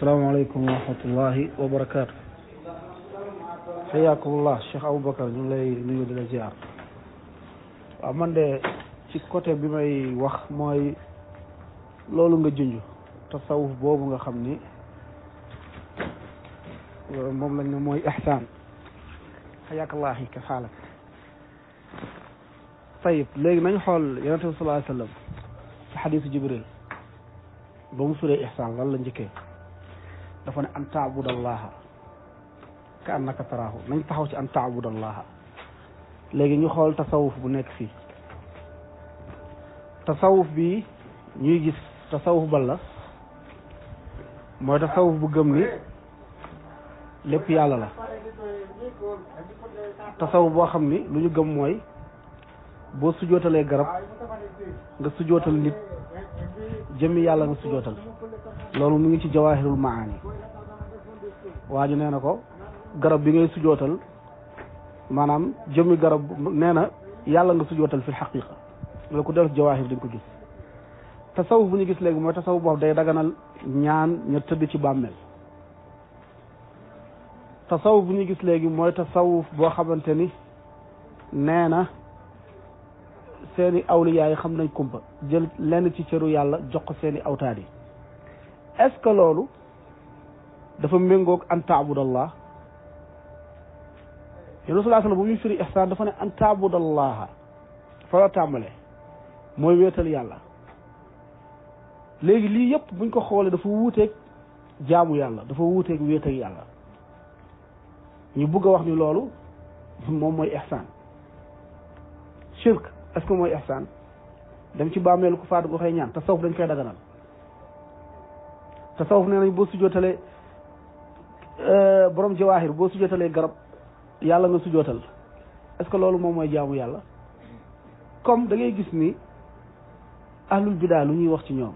salaamaaleykum wa rahmatullahi wa barakaatu. xayaakumullah Cheikh Aboubacar ñu ngi lay nuyu di la ziar. waaw man de ci côté bi may wax mooy loolu nga junj tasawuf boobu nga xam ni moom lañ ne mooy ihsaan. xayaakallaahi ka xaalak. tayib léegi nañ xool yonent bi sallallahu alayhi wa sallam ci xadiisu Jibril ba mu suree ihsaan lan la njëkkee. dafa ne an taabudallaha ka annaka taraahu nañ taxaw ci an taabudallaha léegi ñu xool tasawuf bu nekk fii tasawuf bi ñuy gis tasawuf bal la mooy tasawuf bu gëm ni lépp yàlla la tasawuf boo xam ni lu ñu gëm mooy boo sujootalee garab nga sujootal nit jëmmi yàlla nga sujootal loolu mu ngi ci jawaahirul maani waa ji nee na ko garab bi ngay sujootal maanaam jëmmi garab nee na yàlla nga sujootal fil xaqiqa loolu ku def jawaahir dañ ko gis tasawuf bu ñu gis léegi mooy tasawuf boobu day daganal ñaan ña tëdd ci bàmmeel tasawuf bu ñu gis léegi mooy tasawuf boo xamante ni nee na seeni awliyaa yi xam nañ kumpa jël lenn ci cëru yàlla jox ko seeni awtaad yi est-ce que loolu dafa méngoog an taabudallah yéen rasulaa sallam bu muy firi ihsaan dafa ne an taabudallaha fa la tàmbale mooy wéetal yàlla léegi lii yëpp buñ ko xoolee dafa wuuteeg jaamu yàlla dafa wuuteeg wéetal yàlla ñu bugg a wax ni loolu moom mooy ihsaan shirk est que mooy ihsaan dem ci bàmmeelu ko faatu ko xëy ñaan tasawuf dañ koy daganal tasawuf nee nañ boo sujjootalee Euh, borom jawaahir boo sujootalee garab yàlla nga sujootal est-ce que loolu moom mooy jaamu yàlla comme da ngay gis ni ahlul bidaa lu ñuy wax ci ñoom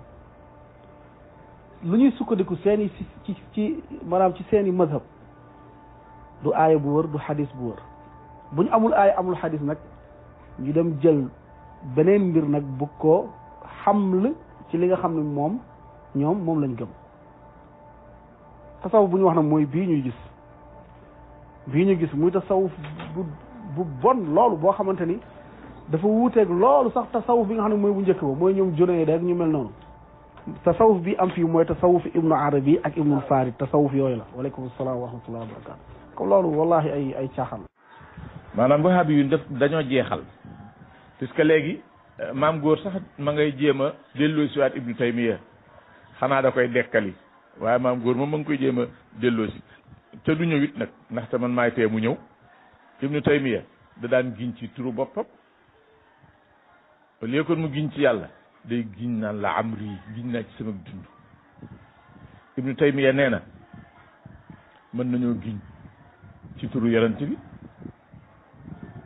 lu ñuy sukkandiku seeni i ci ci maanaam ci seeni i mazhab du aaya bu wër du xadis bu wër bu ñu amul aaya amul hadis nag ñu dem jël beneen mbir nag bu ko xaml ci li nga xam ne moom ñoom moom lañ gëm tasawuf bu ñu wax nag mooy bii ñuy gis bii ñu gis muy tasawuf bu bu bon loolu boo xamante ni dafa wuuteeg loolu sax tasawuf bi nga xam ne mooy bu njëkk ba mooy ñoom junay da ak ñu mel noonu tasawuf bi am fii mooy tasawuf ibnu arabi ak ibnu farid tasawuf yooyu la waaleykum salaam wa rahmatullahi wa barakatu comme loolu wallahi ay ay caaxaan maanaam wahaabi yu def dañoo jeexal puisque léegi maam góor sax ma ngay jéem a dellu siwaat ibnu taymiya xanaa da koy dekkali waaye maam góor moom ma ngi koy jéem a te du ñëw it nag ndaxte man maay tee mu ñëw ibnu taymiya da daan giñ ci turu boppam léegi kon mu giñ ci yàlla day giñ naan la amri giñ naa ci sama dund ibnu taymiya nee na mën nañoo giñ ci turu yonent bi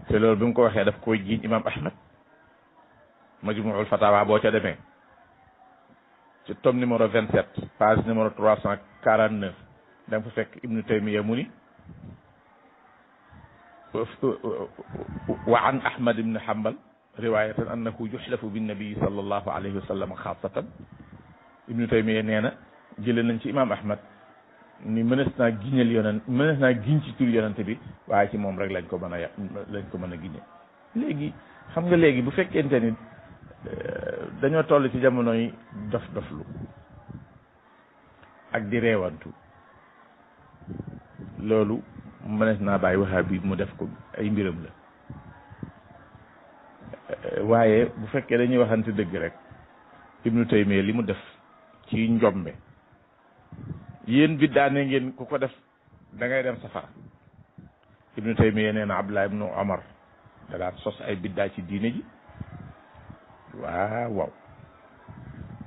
te loolu bi mu ko waxee daf koy giñ imam ahmad majmuul fatawa boo ca demee ci tome numéro vingt sept page numéro trois cent quarante neuf da nga fa fekk ibnu taymiya mu ni wa an ahmad ibn hanbal riwayatan annahu yuxlafu binnabii sal allahu alayhi wa sallam xaasatan ibnu taymiya nee na jële nañ ci imam ahmad ni mënees na giñal yonent mënees naa giñ ci tur yonent bi waaye ci moom rek lañ ko mën a lañ ko mën a giñe léegi xam nga léegi bu fekkente ni Euh, dañoo toll ci jamono yi dof doflu ak di reewantu loolu mënees naa bàyyi wahabi mu def ko ay mbiram la euh, waaye bu fekkee dañuy waxante dëgg rek ibnu taymiya li mu def ci njombe yéen bi daane ngeen ku ko def dangay dem safara ibnu taymiya nee na abdullah ibnu omar da daan sos ay biddaa ci diine ji waaw waaw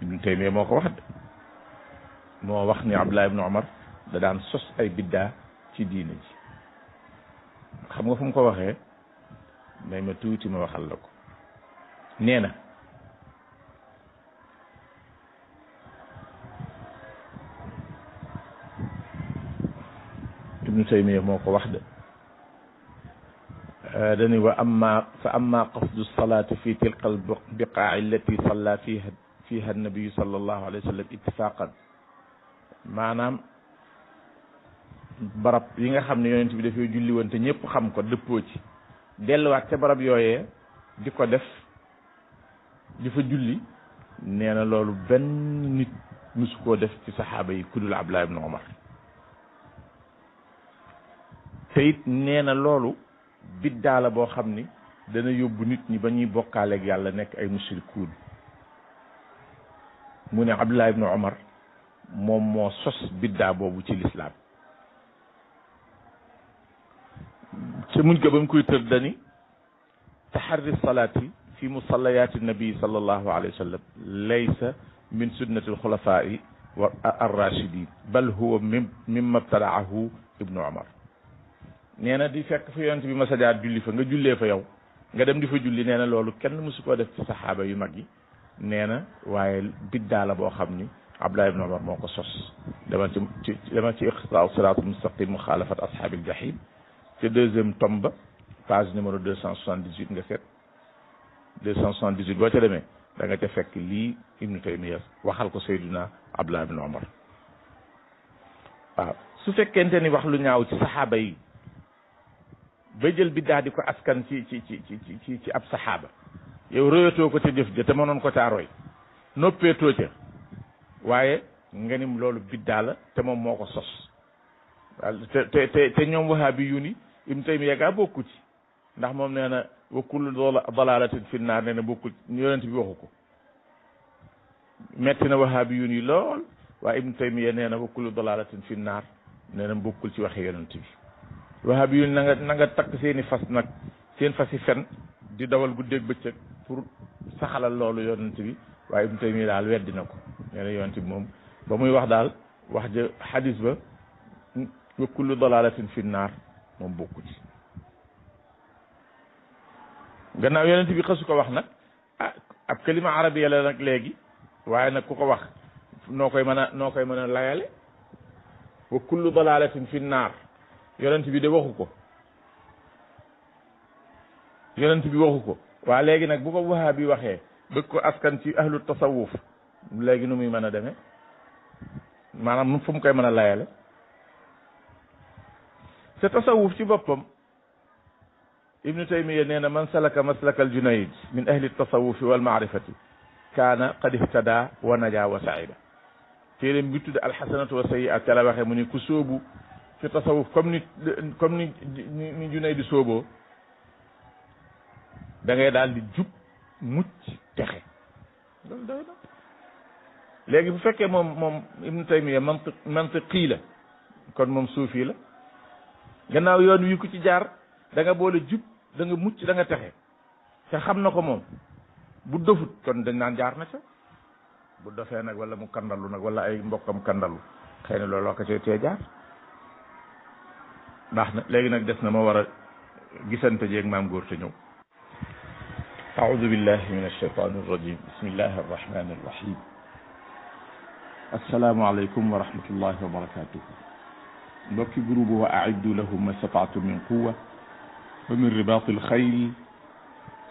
ibnu taymiya moo ko wax de moo wax ni abdullah ibnu omar da daan sos ay biddaa ci diina ji xam nga fu mu ko waxee may ma tuuti ma waxal la ko nee na ibnu taymiya moo ko wax de Euh, dañuy wa amma fa amma qasdu salaati fi tilqa al biqaa allati salla fiha fiha annabiyu sallallahu alayhi wa sallam ittifaqan maanaam barab yi nga xam ne yonent bi ñëpp xam ko dëppoo ci delluwaat ca barab yooyee di ko def di fa julli nee na loolu benn nit musu koo def ci saxaaba yi ku dul Abdullah ibn Omar te it loolu biddaa la boo xam ni dana yóbbu nit ñi ba ñuy bokkaaleeg yàlla nekk ay mushrikuun mu ne Abdullah ibn Omar moom moo sos biddaa boobu ci lislaam ca muñ ko ba mu koy tër dani taxarri salaati fi musallayaati nabi sallallahu alayhi wa sallam laysa min sunnati alxulafaai wa arrachidin bal huwa mim mimma btadaahu ibnu Omar nee na di fekk fa yonent bi ma a jaar julli fa nga jullee fa yow nga dem di fa julli nee na loolu kenn mësu koo def ci saxaaba yu mag yi nee na waaye biddaa la boo xam ni Abdullah ibn Umar moo ko sos demal ci demal ci iqtidaa siraatul mustaqim muxaalafat ashaabil jahim ca deuxième tome ba page numéro deux cent soixante-dix-huit nga set deux cent soixante-dix-huit boo ci demee da nga ca fekk lii ibnu taymiya waxal ko sayduna Abdullah ibn Umar waaw su fekkente ni wax lu ñaaw ci saxaaba yi ba jël biddaa di ko askan ci ci ci ci ci ab saxaaba yow royatoo ko te jëf ja te mënoon ko caa roy noppeetoo ca waaye nga loolu biddaa la te moom moo ko sos te te te te ñoom wahaabi yu ni Ibn Taymiya gaa bokku ci ndax moom nee na wa kullu dalaalatin fi naar na bokku yonent bi na wahaabi yu ni lool waaye Ibn Taymiya na wa kullu dalaalatin fi naar nee bokkul ci waxi yonent bi wahab yu na na nga takk seeni fas nag seen fas yi fen di dawal guddeeg bëccëg pour saxalal loolu yonent bi waaye Ibnu Taymiya daal weddi na ko nee na yonent bi moom ba muy wax daal wax ja xadis ba wa kullu dalalatin naar moom bokku ci gannaaw yonent bi xasu ko wax nag ah ab kalima arabiya la nag léegi waaye nag ku ko wax noo koy mën a noo koy mën a layale wa kullu dalalatin fi naar yonent bi de waxu ko yonent bi waxu ko waa léegi nag bu ko bi waxee bëgg ko askan ci ahlu tasawuf léegi nu muy mën a deme maanaam nu fu mu koy mën a layale te tasawuf ci boppam ibnu taymiya nee na man salaka maslaka al junayd min ahli tasawufi wal maarifati kaana qad ihtada wa naja wa saida téeréem bi tudd alxasanatu wa sayiat ca la waxee mu ni ku sóobu ci tasawuf comme ni comme ni ni junay di sooboo da ngay daal di jub mucc texe léegi bu fekkee moom moom ibnu taymiya mantiq mantiqii la kon moom suufi la gannaaw yoon wi ci jaar danga boole jub da nga mucc da nga texe te xam na ko moom bu dofut kon dañ naan jaar na ca bu dofee nag wala mu kandalu nag wala ay mbokkam kandalu xëy na looloo ko cay jaar baax na léegi nag des na ma war a gisante jeeg maam góor te ñëw aoudu billahi min alshaytani arrajim bismillahi arrahmani arrahim asalaamualeykum wa rahmatullahi wa barakatuhu mbokki groupe wa aiddu lahum ma stataatum min quwa wa min ribatil xayl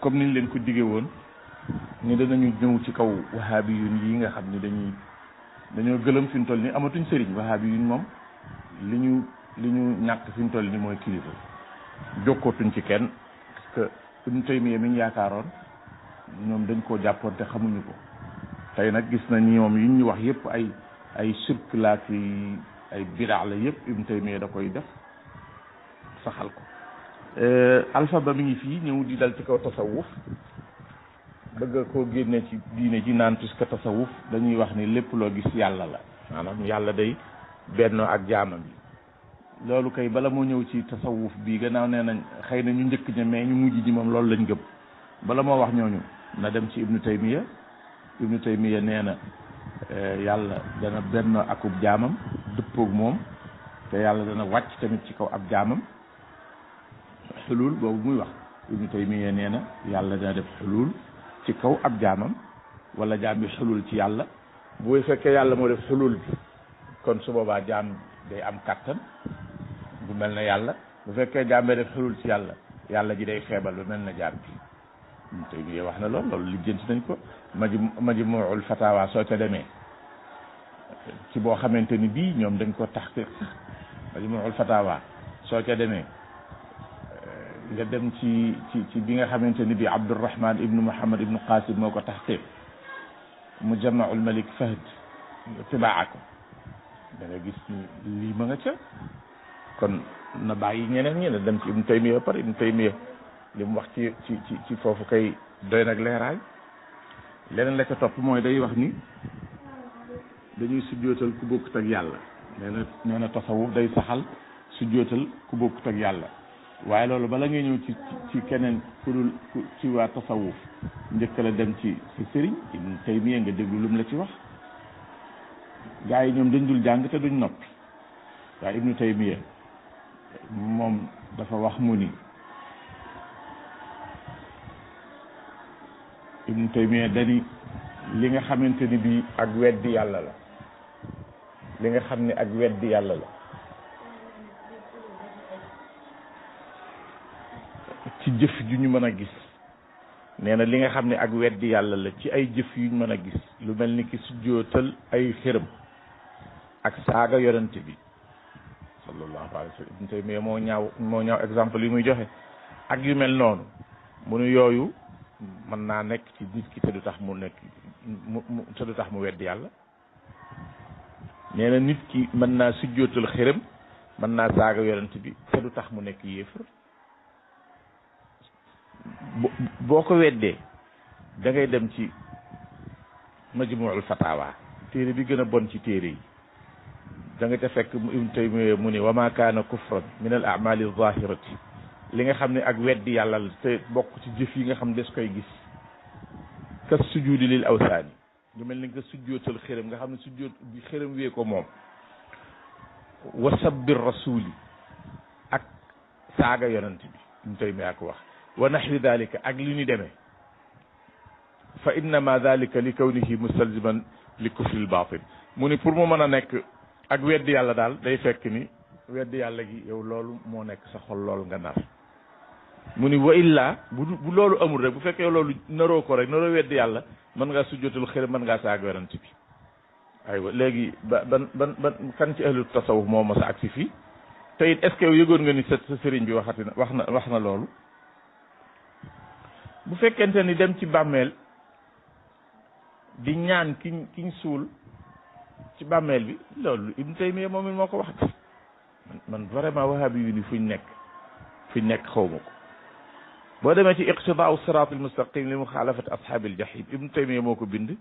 comme niñ leen ko dige woon ni danañu ñëw ci kaw wahaabi yun yi nga xam ne dañuy dañoo gëlëm fi ñu toll ni amatuñ sëriñ wahaabi yun moom li ñu li ñu ñàkk fi ñu toll ni mooy kilifa jokkootuñ ci kenn parce que Ibn Taymiyya mi ñu yaakaaroon ñoom dañ koo jàppoon te xamuñu ko tey nag gis na ñoom yu ñuy wax yëpp ay ay sirk laa ki ay bidaa la yëpp Ibn Taymiyya da koy def saxal ko euh, alpha ba mu ngi fii ñëw di dal ci kaw tasawuf bëgg koo génne ci diine ji naan puisque tasawuf dañuy wax ni lépp loo gis yàlla la maanaam yàlla day bennoo ak jaamam yi loolu kay bala moo ñëw ci tasawuf bi gannaaw nee nañ xëy na ñu njëkk ña mais ñu mujj ñi moom loolu lañ gëm bala moo wax ñooñu na dem ci ibnu taymiya ibnu taymiya nee na eh, yàlla dana benn akub jaamam dëppoog moom te yàlla dana wàcc tamit ci kaw ab jaamam xulul boobu muy nee na yàlla dana def xulul ci kaw ab jaamam wala jaam bi xulul ci yàlla bu fekkee yàlla moo def xulul bi kon su boobaa jaam day am kàttan bu mel na yàlla bu fekkee jaam bi def xelul ci yàlla yàlla ji day xeebal lu mel na jaam bi tey bi wax na loolu loolu lijjanti nañ ko maji maji muul fatawa soo ca demee ci boo xamante ni bii ñoom dañ ko taxqiq sax maji muul fatawa soo ca demee nga dem ci ci ci bi nga xamante ni bii Abdourahman ibnu Muhammad ibnu Qasim moo ko taxqiq mujammaul malik Fahd tibaako da nga gis lii ma nga ca kon na bàyyi ñeneen ñeneen dem ci Ibn Taymiya par Ibn Taymiya li mu wax ci ci ci ci foofu kay doy nag leeraay leneen la ko topp mooy day wax ni dañuy sujjootal ku bokkut ak yàlla nee na nee na tasawuf day saxal ku bokkut ak yàlla waaye loolu bala ngay ñëw ci ci keneen ku dul ci waa tasawuf njëkk la dem ci si sëriñ Ibn Taymiya nga déglu lu la ci wax gaa yi ñoom dañ dul jàng te duñ noppi waaye Ibn Taymiya moom dafa wax mu ni Ibnu Taymiya dani li nga xamante ni bii ak weddi yàlla la li nga xam ni ak weddi yàlla la ci jëf ju ñu mën a gis nee na li nga xam ne ak weddi yàlla la ci ay jëf yuñ mën a gis lu mel ni ki sujjootal ay xërëm ak saaga yonent bi sallallahu alayhi wa moo ñaaw moo ñaaw exemple yi muy joxe ak yu mel noonu mu nu yooyu mën naa nekk ci nit ki te du tax mu nekk mu mu te du tax mu wedd yàlla nee na nit ki mën naa sujjootal xërëm mën naa saaga yonent bi te du tax mu nekk yéefar boo ko weddee dangay dem ci majmuul fatawa téere bi gën a bon ci téere yi da nga ca fekk ibnu taymiya mu ni wa ma kaana kufran min al amali zahirati li nga xam ne ak weddi yàlla te bokk ci jëf yi nga xam des koy gis ka sujudi lil awsaani ñu mel ni nga sujjootal xërëm nga xam ne sujjoot bi xërëm wee ko moom wa sabbi rasuli ak saaga yonent bi ibnu taymiya ko wax wa naxwi dalika ak li ñu demee fa innama dalika li kawnihi mustalziman li kufri l batin mu ni pour mu mën a nekk ak weddi yàlla daal day fekk ni weddi yàlla gi yow loolu moo nekk sa xol lool nga nar mu ni wa illaa bu bu loolu amul rek bu fekkee loolu naroo ko rek naroo weddi yàlla mën ngaa sujjotul xëy mën ngaa saag werante bi aywa léegi ba ban ban kan ci ahlu tasawuf moo mos a agsi fii te it est-ce que yow yëgoon nga ni sa sa sëriñ bi waxati na wax na wax na loolu bu fekkente ni dem ci bàmmeel di ñaan kiñ ki suul ci bàmmeel bi loolu Ibn Taymiya moom it moo ko wax man vraiment wahabi yu ni fuñ nekk fuñ nekk xaw ma ko boo demee ci iqtidaau siraat almustaqim li muxaalafat ashaabil jahim Ibn Taymiya moo ko bind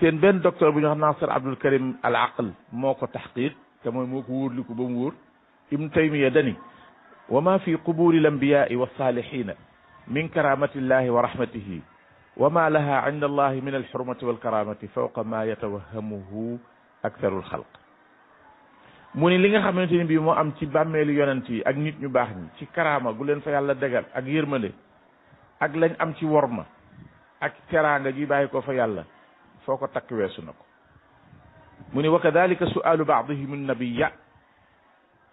seen benn docteur bu ñu wax Nasir Abdul Karim al aql moo ko taxqiq te mooy moo ko wóorliku ba mu wóor Ibn Taymiya dani wa ma fi quburi l ambiyaai wa saalihina min karamatillahi wa rahmatihi wa ma laha inda allahi min alxurmati walkaramati fawqa ma yatawahamuhu aksarul xalq mu ni li nga xamante ni bii moo am ci bàmmeelu yonent yi ak nit ñu baax ñi ci karaama gu leen fa yàlla degal ak yërmande ak lañ am ci worma ak teraanga gi bàyyi ko fa yàlla foo ko takk weesu na ko mu ni wa kadalika sualu baadihim nnabiya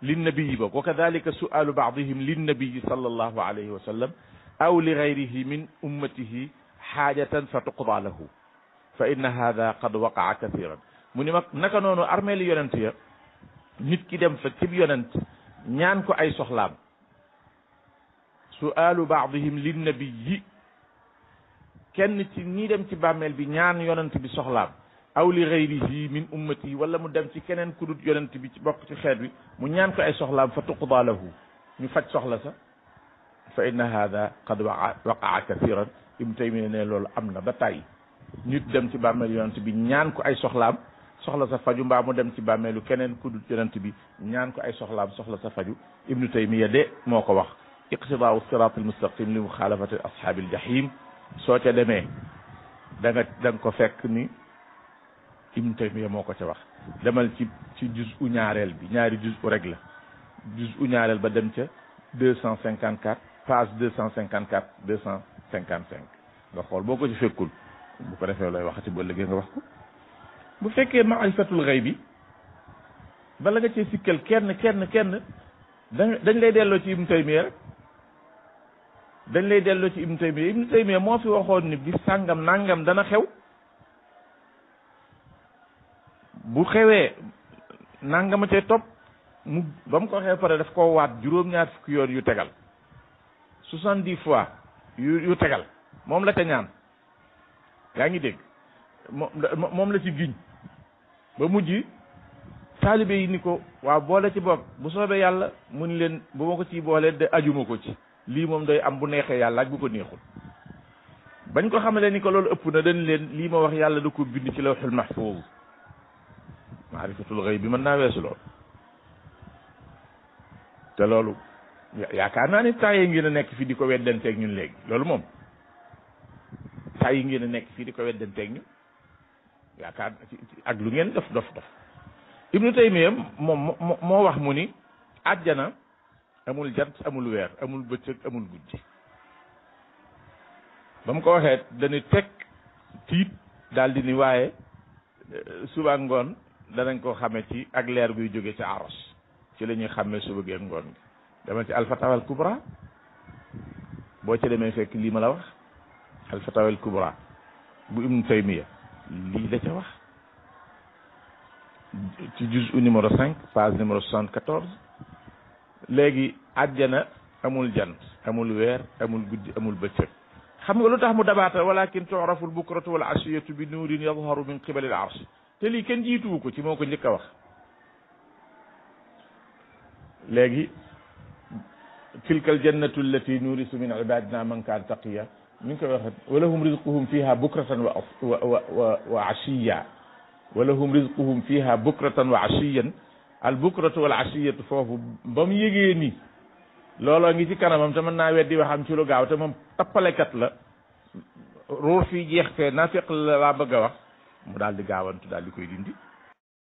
linnabiyi boog wa kadalika sualu baadihim linnabiyi sallallahu alayhi wa sallam aw li gayrihi min ummatihi xaajatan fa tuqda lahu fa inna hada qad waqaa kathiran mu ni ma naka noonu armeeli yonent ya nit ki dem fa cib yonent ñaan ko ay soxlaam su'aalu baadihim lin nabiyyi kenn ci ñii dem ci bàmmeel bi ñaan yonent bi soxlaam aw li gayrihi min ummati wala mu dem ci keneen ku dut yonent bi ci bokk ci xeet wi mu ñaan ko ay soxlaam fa tuqdaa lahu ñu faj soxla sa fa inna hada qad waqaa kathiran ibnu taymiya ne loolu am na ba tàyyi nit dem ci bàmmeel yonent bi ñaan ko ay soxlaam soxla sa faju mbaam mu dem ci bàmmeelu keneen ku dul yonent bi ñaan ko ay soxlaam soxla sa faju ibnu taymiya de moo ko wax iqtidaau siraat almustaqim li muxaalafati ashaabi aljahim soo ca demee da nga ko fekk ni ibnu taymiya moo ko ca wax demal ci ci juzu ñaareel bi ñaari juzu rek la juzu ñaareel ba dem ca deux cent cinquante quatre page deux cent cinquante quatre deux cent cinquante cinq nga xool boo ko ci fekkul bu ko defee looy waxati bu ëllëgee nga wax ko bu fekkee maarifatul xëy bi bala nga cee sikkal kenn kenn kenn dañ lay delloo ci ibnu taymiya rek dañ lay delloo ci ibnu taymiya ibnu taymiya moo fi waxoon ni bi sàngam nàngam dana xew bu xewee nàngama cay topp mu ba mu ko waxee pare daf koo waat juróom-ñaar fukki yoon yu tegal soixante-dix fois yu tegal moom la ca ñaan yaa ngi dégg moom la ci giñ ba mujj taalibe yi ni ko waaw boole ci bopp bu soobee yàlla mu ni leen bu ma ko ci boole de ajuma ko ci lii moom day am bu neexee yàlla ak bu ko neexul bañ ko xamalee ni ko loolu ëpp na dañ leen lii ma wax yàlla da ko bind ci lawhul mahfuz maarifatul xëy bi mën naa weesu loolu te loolu yaakaar naa ni temps yi ngeen a nekk fii di ko weddanteeg ñun léegi loolu moom temps yi ngeen a nekk fii di ko weddanteeg ñun yaakaar ak lu ngeen dof dof dof ibnu taymiya moom moo wax mu ni àjjana amul jant amul weer amul bëccëg amul guddi ba mu ko waxee dañu teg tiit daal di ni waaye euh, suba ngoon danañ ko xame ci ak leer guy jóge ci aros ci la ñuy xàmmee suba geeg ngoon gi demal ci alfatawal kubra boo ci demee fekk lii ma la wax alfatawal kubra bu ibnu taymiya lii la ca wax ci juzu numéro cinq page numéro soixante quatorze léegi àjjana amul jant amul weer amul guddi amul bëccëg xam nga lu tax mu dabaata walakin tu'rafu al-bukratu wal asiyatu bi nuurin yadharu min qibali al-arsh te lii kenn jiituwu ko ci moo ko njëkk a wax léegi tilka al jannatu allati nurisu min ibadina man kaan taqiya ñu ngi koy waxee walahum rizquhum fiha bukratan wa wa wa wa ashiya walahum rizquhum fiha bukratan wa ashiyan al bukratu wal ashiyatu foofu ba mu yëgee ni looloo ngi ci kanamam te mën naa weddi waxam ci lu gaaw te moom tappalekat la ruur fii jeex fee nafiq la laa bëgg a wax mu daal di gaawantu daal di koy dindi